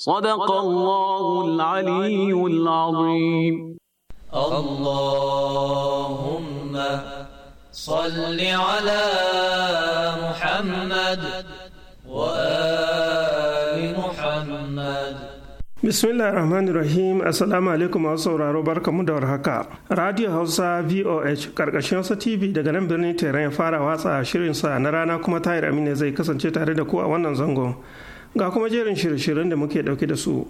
صدق الله العلي العظيم اللهم صل على محمد وآل محمد Bismillah ar-Rahman rahim Assalamu alaikum masu sauraro barkamu da warhaka. Radiyo Hausa VOH karkashin Hausa TV daga nan birnin Tehran ya fara watsa shirinsa na rana kuma Tahir Amina zai kasance tare da ku a wannan zango. ga kuma jerin shirye-shiryen da muke dauke da su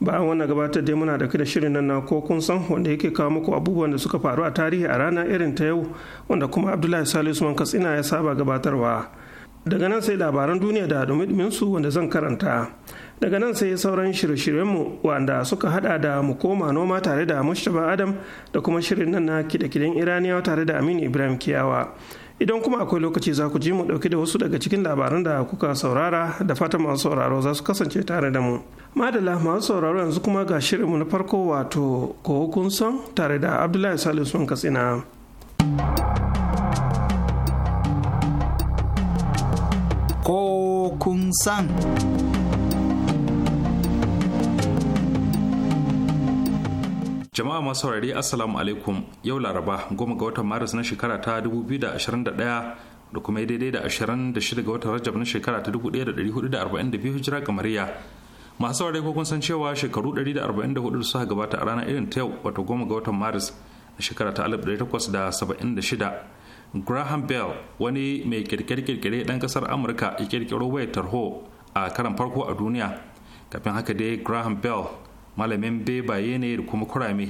bayan wannan gabatar da muna dauke da shirin nan na ko kun san wanda yake kawo muku abubuwan da suka faru a tarihi a rana irin ta yau wanda kuma abdullahi salisu man katsina ya saba gabatarwa daga nan sai labaran duniya da domin su wanda zan karanta daga nan sai sauran shirye mu wanda suka hada da mu koma noma tare da mustapha adam da kuma shirin nan na kide-kiden iraniyawa tare da aminu ibrahim kiyawa idan kuma akwai lokaci za ku ji mu ɗauki da wasu daga cikin labaran da kuka saurara da fata masu sauraro za su kasance tare da mu madala masu sauraro yanzu kuma ga shirinmu na farko wato ko kun san tare da abdullahi salisu katsina ko kun san Jama'a masu saurari Assalamu alaikum yau Laraba goma ga watan Maris na shekara ta 2021 da kuma daidai da 26 ga watan Rajab na shekara ta 1442 hijira kamariya. Masu saurari ko kun san cewa shekaru 144 da suka gabata a ranar irin ta yau wato goma ga watan Maris na shekara ta 1876 Graham Bell wani mai kirkire-kirkire ɗan ƙasar Amurka ya kirkiro wayar tarho a karan farko a duniya. Kafin haka dai Graham Bell malamin bebaye ne da kuma kurame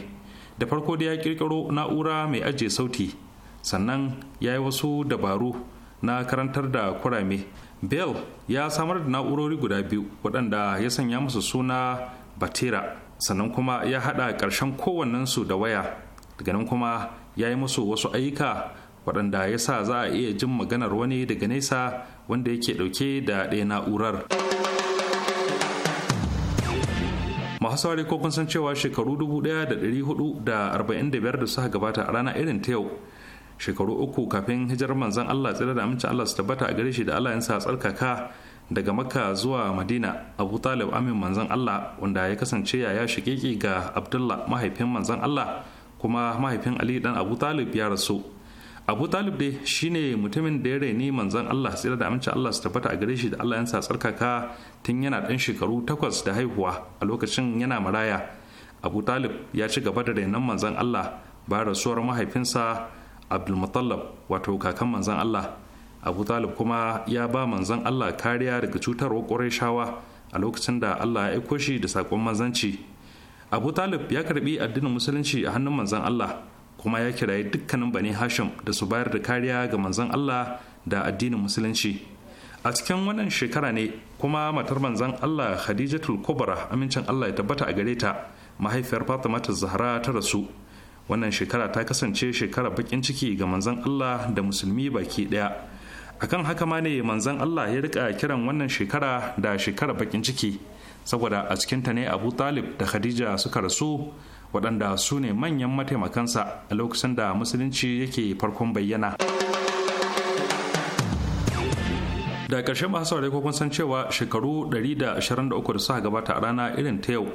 da farko da ya kirkiro na'ura mai ajiye sauti sannan ya yi wasu dabaru na karantar da kurame bell ya samar da na'urori guda biyu waɗanda ya sanya musu suna batera sannan kuma ya haɗa ƙarshen kowannensu da waya daga nan kuma ya yi musu wasu ayyuka waɗanda ya sa za a iya jin maganar wani daga nesa wanda yake ɗauke da ɗaya na'urar. masu saurari ko kun san cewa shekaru 1445 da suka gabata a rana irin ta yau shekaru uku kafin hijirar manzon Allah tsira da amincin Allah su tabbata a gare shi da Allah yansa tsarkaka daga makka zuwa madina abu talib amin manzon Allah wanda ya kasance yaya shigeki ga abdullah mahaifin manzon Allah kuma mahaifin ali dan abu talib ya rasu abu talib dai shine mutumin da ya raini manzon allah tsira da amince allah su tabbata a gare shi da allah yansa tsarkaka tun yana dan shekaru takwas da haihuwa a lokacin yana maraya abu talib ya ci gaba da rainon manzon allah bayan rasuwar mahaifinsa abdulmutallab wato kakan manzon allah abu talib kuma ya ba manzon allah kariya daga cutarwar ƙurashawa a lokacin da allah ya aiko shi da saƙon manzanci abu talib ya karbi addinin musulunci a hannun manzon allah kuma ya kiraye dukkanin bani hashim da su bayar da kariya ga manzon allah da addinin musulunci a cikin wannan shekara ne kuma matar manzon allah khadijatul kubra amincin allah ya tabbata a gare ta mahaifiyar fatima ta zahra ta rasu wannan shekara ta kasance shekara bakin ciki ga manzon allah da musulmi baki daya akan haka ma ne manzon allah ya rika kiran wannan shekara da shekara bakin ciki saboda a cikin ta ne abu talib da khadija suka rasu waɗanda su ne manyan mataimakansa a lokacin da musulunci yake farkon bayyana da ƙarshen masu saurari ko kun san cewa shekaru 123 da suka gabata a rana irin ta yau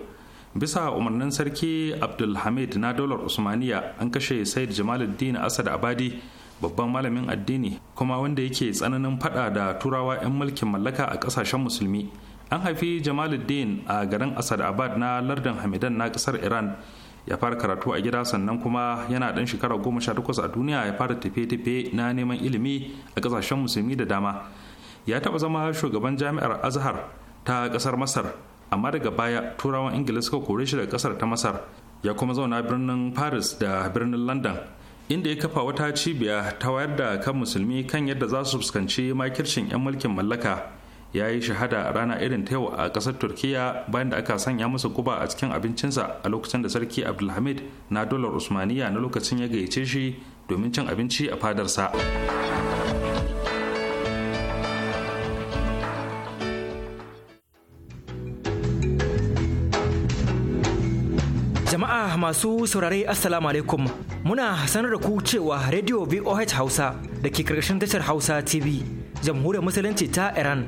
bisa umarnin sarki abdulhamid na daular usmaniya an kashe said jamaluddin asad abadi babban malamin addini kuma wanda yake tsananin fada da turawa 'yan mulkin mallaka a kasashen musulmi an haifi jamaluddin a garin asad abad na lardin hamidan na ƙasar iran ya fara karatu a gida sannan kuma yana dan shekara goma sha takwas a duniya ya fara tafiye-tafiye na neman ilimi a kasashen musulmi da dama ya taba zama shugaban jami'ar azhar ta ƙasar masar amma daga baya turawan ingila suka kore shi daga ƙasar ta masar ya kuma zauna birnin paris da birnin london inda ya kafa wata cibiya ta wayar da kan musulmi kan yadda za su fuskanci makircin 'yan mulkin mallaka ya yi shahada a rana irin ta a ƙasar turkiya bayan da aka sanya masa guba a cikin abincinsa a lokacin da sarki abdulhamid na dolar usmaniya na lokacin ya gayyace shi domin cin abinci a fadarsa jama'a masu saurare assalamu alaikum muna sanar da ku cewa radio voh hausa da ke karkashin tashar hausa tv jamhuriyar musulunci ta iran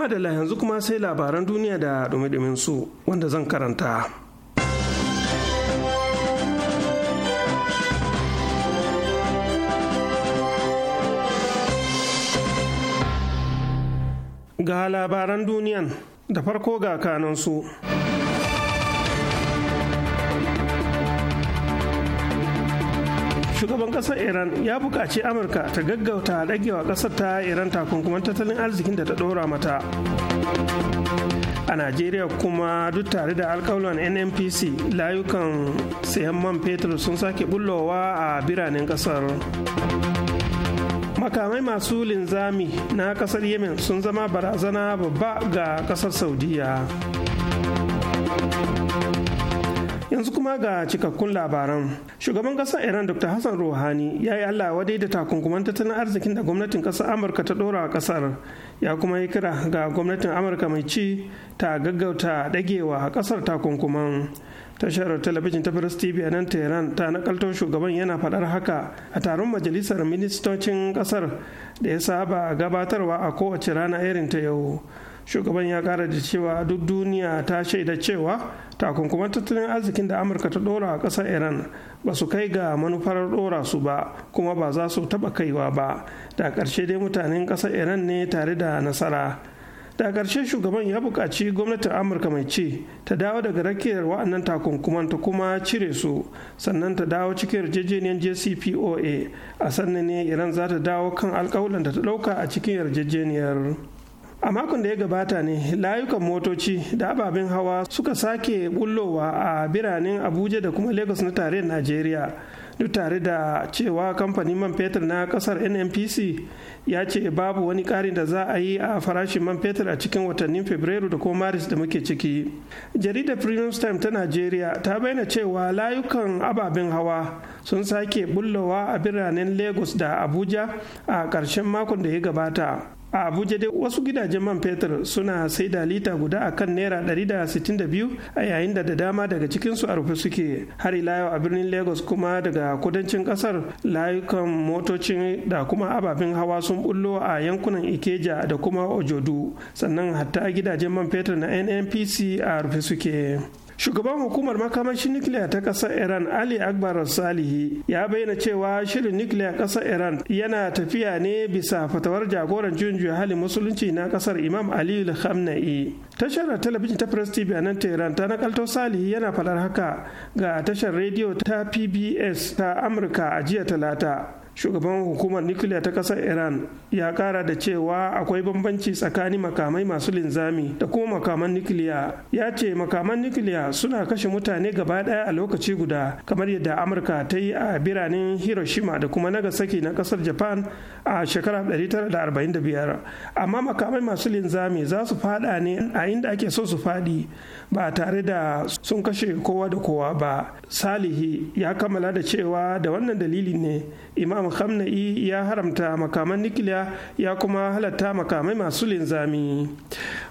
madalla yanzu kuma sai labaran duniya da dumi su wanda zan karanta ga labaran duniyan da farko ga kanansu. su shugaban kasar iran ya buƙaci amurka ta gaggauta ɗagewa ƙasar ta iran takunkuman tattalin arzikin da ta ɗora mata a najeriya kuma duk tare da alkawalan nnpc layukan sayan man fetur sun sake bullowa a biranen ƙasar makamai masu linzami na ƙasar yemen sun zama barazana babba ga ƙasar saudiya yanzu kuma ga cikakkun labaran shugaban ƙasar iran dr hassan rouhani ya yi allah wadai da takunkuman tattalin arzikin da gwamnatin ƙasar amurka ta ɗora a ƙasar ya kuma yi kira ga gwamnatin amurka mai ci ta gaggauta dagewa a ƙasar takunkuman tashar talabijin ta first TV a nan Tehran ta nakalto shugaban yana faɗar haka a taron majalisar ministocin ƙasar da ya saba gabatarwa a kowace rana irin ta yau. shugaban ya kara da cewa duk duniya ta shaida cewa takunkuman tattalin arzikin da amurka ta dora a ƙasar iran ba su kai ga manufar dora su ba kuma ba za su taba kaiwa ba da ƙarshe dai mutanen ƙasar iran ne tare da nasara da ƙarshe shugaban ya buƙaci gwamnatin amurka mai ci ta dawo daga rakiyar wa'annan takunkuman ta kuma cire su sannan ta dawo cikin yarjejeniyar jcpoa a sannan ne iran za ta dawo kan alƙawulan da ta ɗauka a cikin yarjejeniyar a makon da ya gabata ne layukan motoci da ababen hawa suka sake bullowa a biranen abuja da kuma lagos na tarayyar najeriya duk tare da cewa kamfanin man fetur na kasar nnpc ya ce babu wani ƙarin da za a yi a farashin man fetur a cikin watannin fabrairu da kuma maris da muke ciki jaridar premium time ta najeriya ta bayyana cewa layukan ababen hawa sun sake bullowa a biranen lagos da abuja a ƙarshen makon da ya gabata a abuja dai wasu gidajen man fetur suna sai da lita guda a kan naira 162 a yayin da da dama daga cikinsu a rufe suke har ila yau a birnin lagos kuma daga kudancin kasar layukan motocin da kuma ababen hawa sun bullo a yankunan ikeja da kuma ojodu sannan hatta gidajen man fetur na nnpc a rufe suke shugaban hukumar makamashin nukiliya ta ƙasar iran ali akbar salihi ya bayyana cewa shirin nukiliya ƙasar iran yana tafiya ne bisa fatawar jagoran junju halin musulunci na ƙasar imam ali khamnai tashar talabijin ta press tv nan tehran ta nakalto salihi yana faɗar haka ga tashar rediyo ta pbs ta amurka a jiya talata shugaban hukumar nukiliya ta kasar iran ya kara da cewa akwai bambanci tsakanin makamai masu linzami da kuma makaman nukiliya ya ce makaman nukiliya suna kashe mutane gaba daya a lokaci guda kamar yadda amurka ta yi a biranen hiroshima da kuma nagasaki na kasar japan a shekarar 1945 amma makamai masu linzami za su fada ne a inda ake so su fadi ba tare da sun kashe kowa da kowa ba salihi ya kammala da cewa da wannan dalili ne imam al-khamna'i ya haramta makaman nikiliya ya kuma halatta makamai masu linzami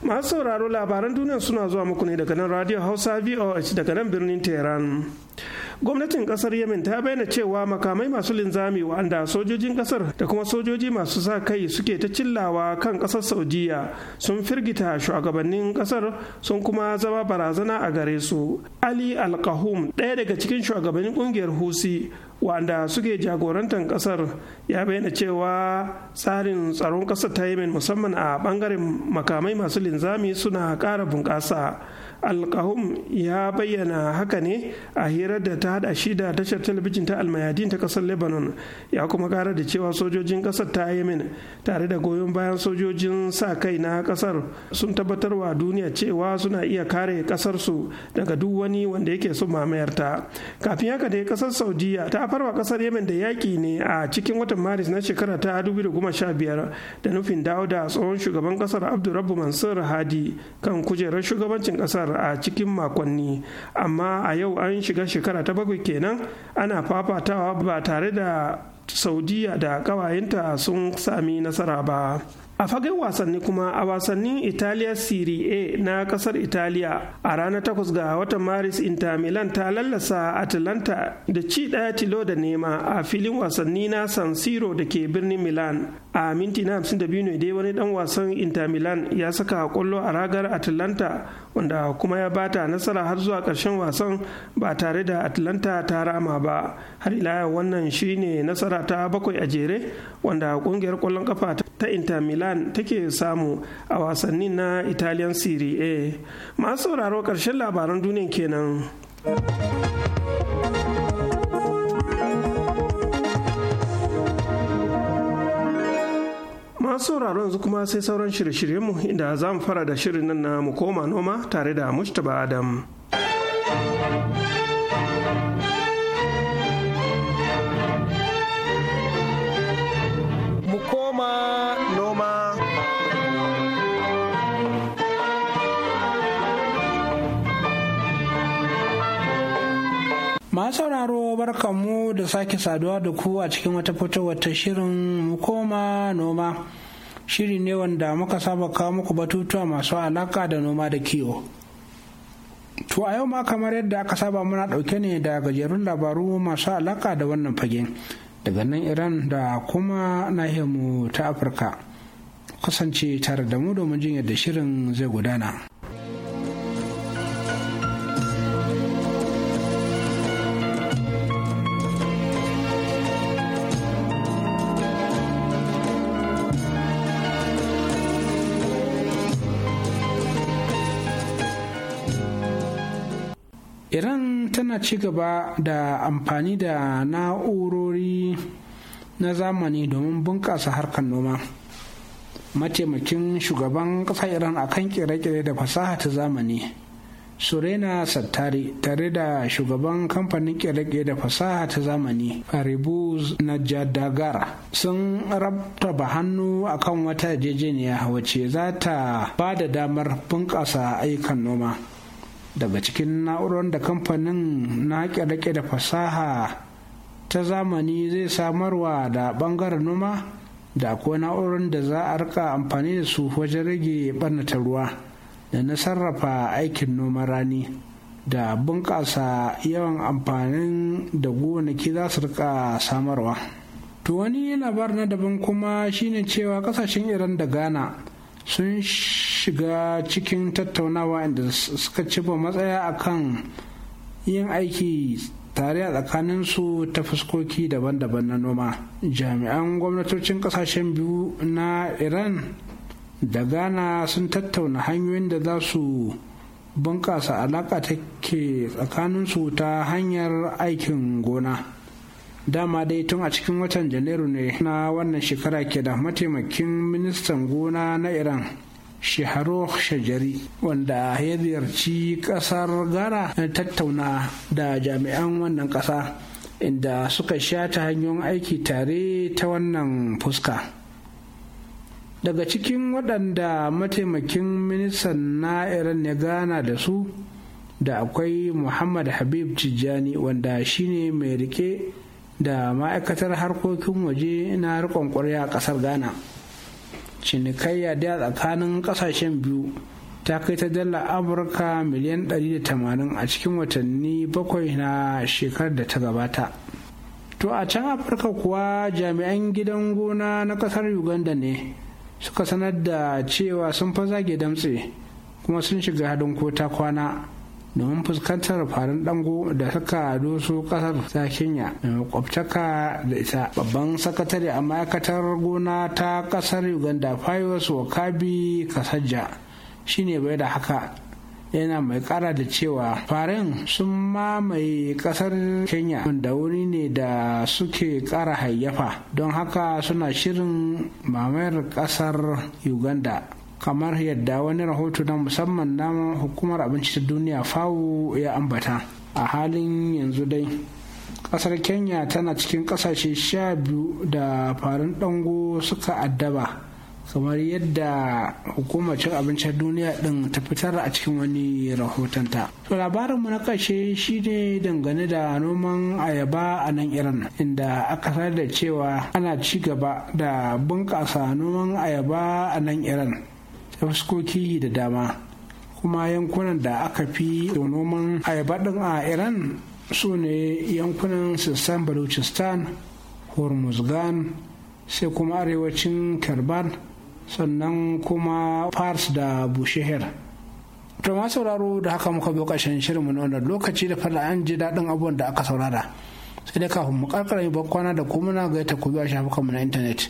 masu sauraro labaran duniya suna zuwa muku ne daga nan radio hausa voh daga nan birnin tehran gwamnatin kasar yemen ta bayyana cewa makamai masu linzami wa'anda sojojin kasar da kuma sojoji masu sa kai suke ta cillawa kan kasar saudiya sun firgita shugabannin kasar sun kuma zama barazana a gare su ali alkahum ɗaya daga cikin shugabannin kungiyar husi wanda suke jagorantar kasar ya bayyana cewa tsarin tsaron kasar ta yemen musamman a bangaren makamai masu linzami suna ƙara bunƙasa alkahum ya bayyana haka ne a hirar da ta hada shi da tashar talabijin ta almayadin ta kasar lebanon ya kuma kara da cewa sojojin kasar ta yemen tare da goyon bayan sojojin sa kai na kasar sun tabbatar wa duniya cewa suna iya kare kasar su daga duk wani wanda yake son mamayar ta kafin haka dai kasar saudiya ta farwa kasar yemen da yaki ne a cikin watan maris na shekara ta 2015 da nufin dawo da tsohon shugaban kasar abdurrabbu mansur hadi kan kujerar shugabancin kasar a cikin makonni amma a yau an shiga shekara ta bakwai kenan ana fafatawa ba tare da saudiya da kawayenta sun sami nasara ba a fagen wasanni kuma a wasannin italiya serie a na kasar italiya a ranar takwas ga watan maris inter milan ta lallasa atalanta da ci daya tilo da nema a filin wasanni na san siro da ke birnin milan a minti na 52 ne dai wani dan wasan inter milan ya saka kwallo a ragar atalanta wanda kuma ya bata nasara har zuwa ƙarshen wasan ba tare da atalanta ta rama ba har ila wannan shine nasara ta bakwai a jere wanda ƙungiyar kwallon kafa ta ta inter milan take samu a wasanni na italian serie a masu sauraro karshen labaran duniya kenan masu sauraro yanzu kuma sai sauran shirye-shiryenmu inda za mu fara da shirin nan na mu koma noma tare da mustapha adam Ma sauraro barkanmu da sake saduwa da ku a cikin wata fitowar ta shirin koma noma. Shiri ne wanda muka saba kawo muku batutuwa masu alaka da noma da kiwo. To a yau ma kamar yadda aka saba muna ɗauke ne da gajerun labaru masu alaka da wannan fage daga nan Iran da kuma nahiyarmu ta Afirka. Kasance tare da mu domin jin yadda shirin zai gudana. iran tana ci gaba da amfani da na'urori na zamani domin bunƙasa harkar noma mataimakin shugaban ƙasa iran akan kere-kere da fasaha ta zamani surena sattari tare da shugaban kamfanin kere-kere da fasaha ta zamani faribuz najadagar sun rabtaba hannu akan wata yarjejeniya wacce za ta ba da damar bunƙasa ayyukan noma daga cikin na'urar da kamfanin na rake da fasaha ta zamani zai samarwa da bangaren noma da akwai na'urar da za a rika amfani da su wajen rage ɓarnata ruwa da na sarrafa aikin noma rani da bunƙasa yawan amfanin da gonaki za su rika samarwa to wani labar na daban kuma shine cewa ƙasashen iran da ghana sun shiga cikin tattaunawa inda suka ci ba matsaya akan yin aiki tare a tsakaninsu ta fuskoki daban-daban na noma jami'an gwamnatocin kasashen biyu na iran da ghana sun tattauna hanyoyin da za su bunƙasa alaƙa take tsakaninsu ta hanyar aikin gona dama dai tun a cikin watan janairu ne na wannan shekara ke da mataimakin ministan gona na iran shaharo shajari wanda ya ziyarci kasar gara tattauna da jami'an wannan kasa inda suka sha ta hanyoyin aiki tare ta wannan fuska daga cikin waɗanda mataimakin ministan na iran ya gana da su da akwai muhammad habib tijjani wanda shine mai rike da ma'aikatar harkokin waje na rikon kwarya a ƙasar ghana cinikayya da tsakanin ƙasashen biyu ta kai ta dala amurka miliyan 180 a cikin watanni bakwai na shekarar da ta gabata to a can afirka kuwa jami'an gidan gona na ƙasar uganda ne suka sanar da cewa sun fa zage damtse kuma sun shiga hadin kota kwana domin fuskantar farin dango da suka doso kasar ta kenya da makwabtaka da ita babban sakatare a ma'aikatar gona ta kasar uganda fayos wakabi kasajja shine bai da haka yana mai kara da cewa farin sun mamaye kasar kenya wanda wuri ne da suke kara hayyafa don haka suna shirin mamayar kasar uganda kamar yadda wani rahoto na musamman na hukumar abinci ta duniya fawo ya ambata a halin yanzu dai kasar kenya tana cikin kasashe sha biyu da farin dango suka addaba kamar yadda hukumar cin abincin duniya din ta fitar a cikin wani rahotonta. To labarinmu na ƙarshe ne dangane da noman ayaba a nan iran inda aka sanar da cewa ana ci gaba da bunƙasa noman ayaba a nan iran ta fuskoki da dama kuma yankunan da aka fi da noman ayaba a iran su ne yankunan sassan baluchistan hormuzgan sai kuma arewacin kerban sannan kuma fars da bushehir to ma sauraro da haka muka bi shirin shirinmu na wannan lokaci da fara an ji daɗin abubuwan da aka saurara sai dai kafin mu karkara ban kwana da kuma na gaita ku biya shafukanmu na intanet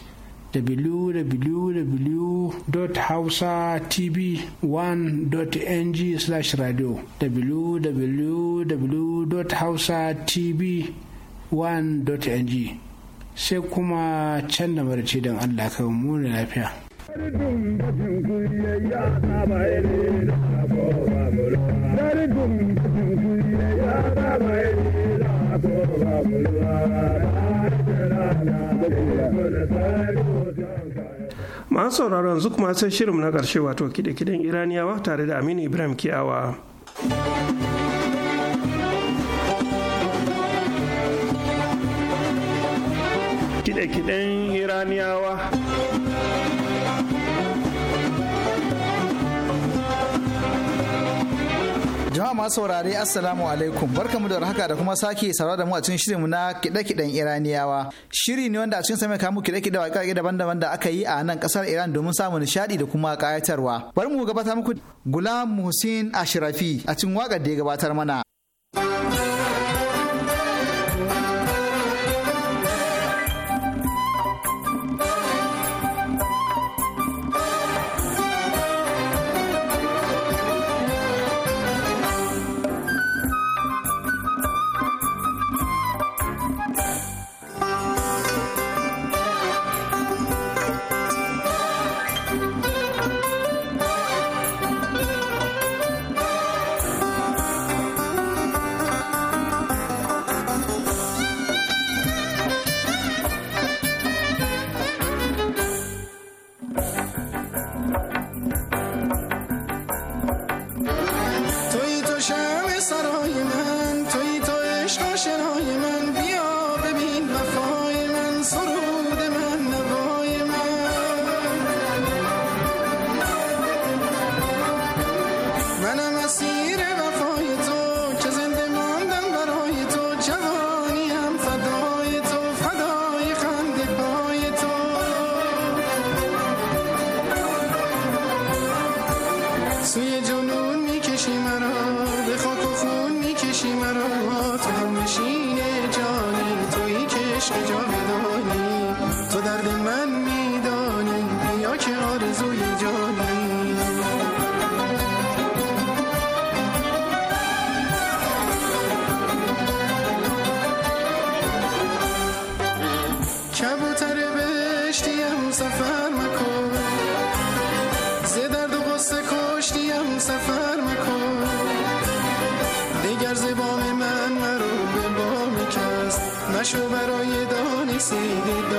www.hausatv1.ng/radio www.hausatv1.ng sai kuma can da marci don Allah ka mu lafiya. Dari dum ya masu sauraron yanzu kuma sai shirin na ƙarshe wato kide-kiden iraniyawa tare da aminu ibrahim kiyawa kide-kiden iraniyawa jama'a masu saurare assalamu alaikum barkamu da warhaka da kuma sake saurara da mu a cikin shirinmu na kide-kiden iraniyawa shiri ne wanda a cikin sami kamu kide-kide waƙa daban-daban da aka yi a nan kasar iran domin samun nishadi da kuma kayatarwa bari mu gabatar muku gulam hussein ashrafi a cikin waƙar da ya gabatar mana درد من میدانی یا که آرزوی جانی کبوتر بشتیم سفر مکن ز درد و غصه کشتیم سفر مکن دیگر زبان من مرو به بام کس نشو برای دانی سیدی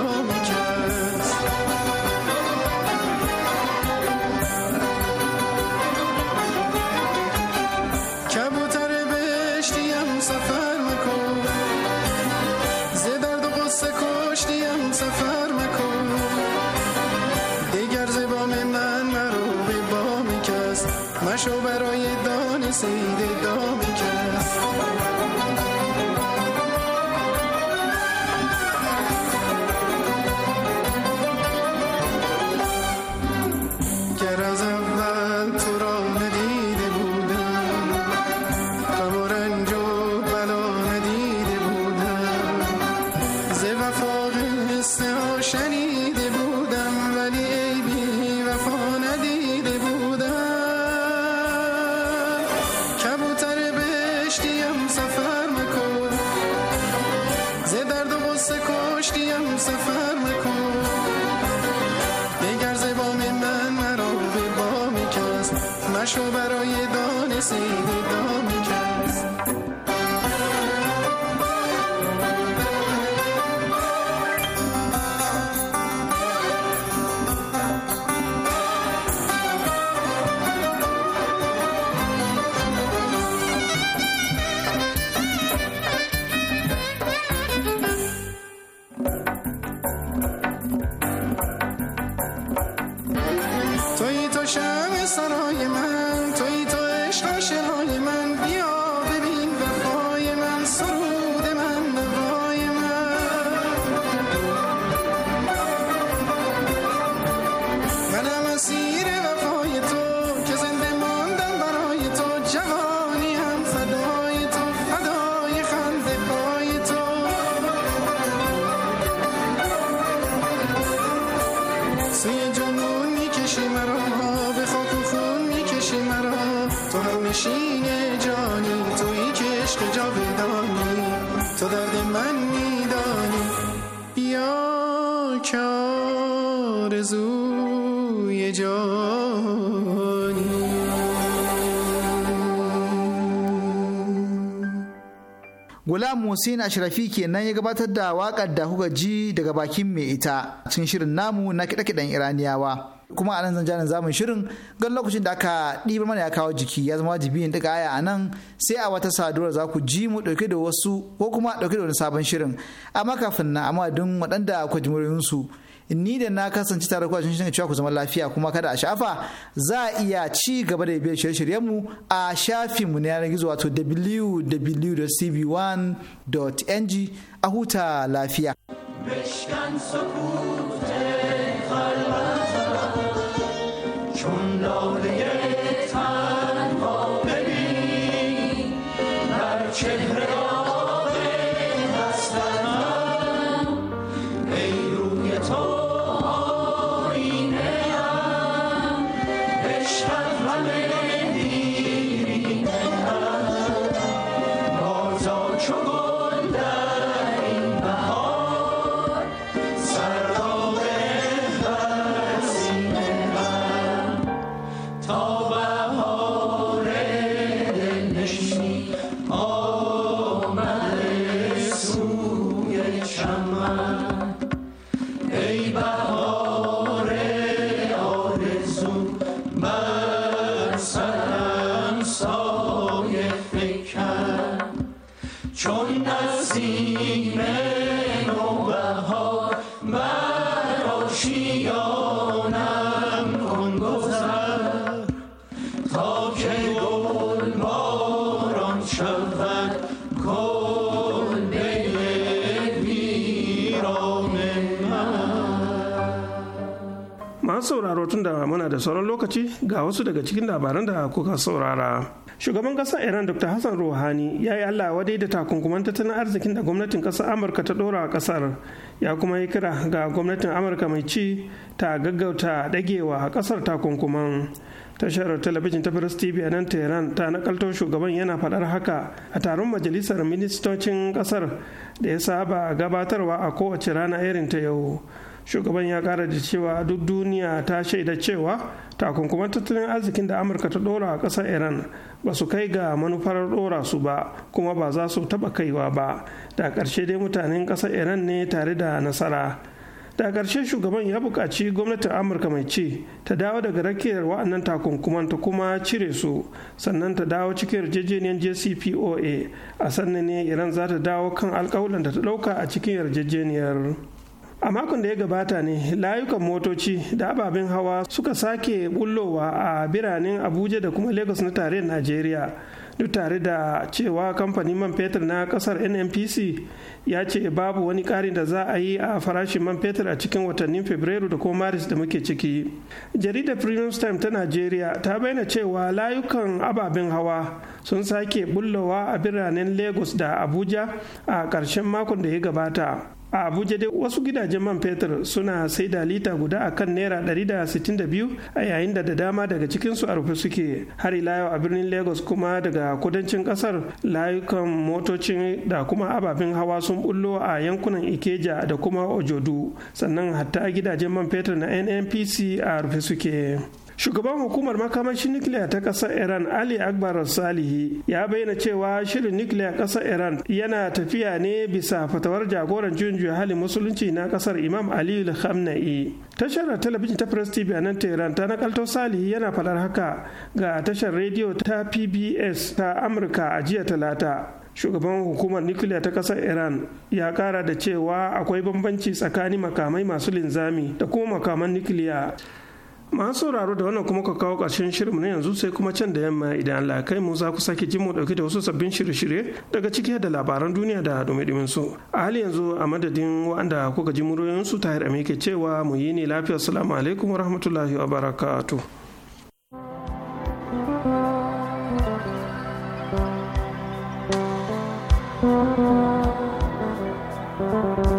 آرزوی جانی Gulam Musin Ashrafi kenan ya gabatar da waƙar da kuka ji daga bakin mai ita cikin shirin namu na kiɗe-kiɗen Iraniyawa. Kuma a nan zan zamun shirin gan lokacin da aka ɗiba mana ya kawo jiki ya zama wajibi yin aya a nan sai a wata saduwar za ku ji mu ɗauke da wasu ko kuma ɗauke da wani sabon shirin. Amma kafin na amma don waɗanda ku ji su ni da na kasance tare ku a cikin ku zama lafiya kuma kada a shafa za a iya ci gaba da biyar shirye-shiryenmu a shafinmu na yanar gizo wato www.cb1.ng a huta lafiya. شود masu sauraro tun da muna da sauran lokaci ga wasu daga cikin labaran da kuka saurara shugaban ƙasar iran dr hassan rouhani ya yi allah wadai da takunkuman tattalin arzikin da gwamnatin ƙasar amurka ta ɗora a kasar ya kuma yi kira ga gwamnatin amurka mai ci ta gaggauta dagewa a kasar takunkuman tashar talabijin ta firis tv a nan tehran ta nakalto shugaban yana faɗar haka a taron majalisar ministocin ƙasar da ya saba gabatarwa a kowace rana irin ta yau shugaban ya kara da cewa duk duniya ta shaida cewa takunkuman tattalin arzikin da amurka ta dora a ƙasar iran ba su kai ga manufar dora su ba kuma ba za su taɓa kaiwa ba da karshe dai mutanen ƙasar iran ne tare da nasara da ƙarshe shugaban ya buƙaci gwamnatin amurka mai ce ta dawo daga rakiyar wa'annan takunkuman ta kuma cire su sannan ta dawo cikin yarjejeniyar jcpoa a sannan ne iran za ta dawo kan alƙawulan da ta ɗauka a cikin yarjejeniyar a makon da ya gabata ne layukan motoci da ababen hawa suka sake bullowa a biranen abuja da kuma lagos na tarayyar najeriya duk tare da cewa kamfanin man fetur na kasar nnpc ya ce babu wani ƙarin da za a yi a farashin man fetur a cikin watannin fabrairu da kuma maris da muke ciki jaridar premium time ta najeriya ta bayyana cewa layukan ababen hawa sun sake bullowa a biranen lagos da abuja a ƙarshen makon da ya gabata a abuja dai wasu gidajen man fetur suna sai da lita guda a kan naira 162 a yayin da da dama daga cikinsu a rufe suke har ila yau a birnin lagos kuma daga kudancin kasar layukan motocin da kuma ababen hawa sun bullo a yankunan ikeja da kuma ojodu sannan hatta gidajen man fetur na nnpc a rufe suke shugaban hukumar makamashin nukiliya ta ƙasar iran ali akbar salihi ya bayyana cewa shirin nukiliya ƙasar iran yana tafiya ne bisa fatawar jagoran juyin halin musulunci na ƙasar imam ali khamnai tashar talabijin ta press tv a nan tehran ta nakalto salihi yana faɗar haka ga tashar rediyo ta pbs ta amurka a jiya talata shugaban hukumar nukiliya ta kasar iran ya ƙara da cewa akwai bambanci tsakanin makamai masu linzami da kuma makaman nukiliya masu sauraro da wannan kuma ka kawo ƙarshen shirin na yanzu sai kuma can da yamma idan Allah kai mu za ku sake jin mu dauke da wasu sabbin shirye-shirye daga ciki da labaran duniya da dumi su a hali yanzu a madadin wanda kuka ji muryoyin su tahir ke cewa mu yi ne lafiya assalamu alaikum wa wabarakatuh Thank you.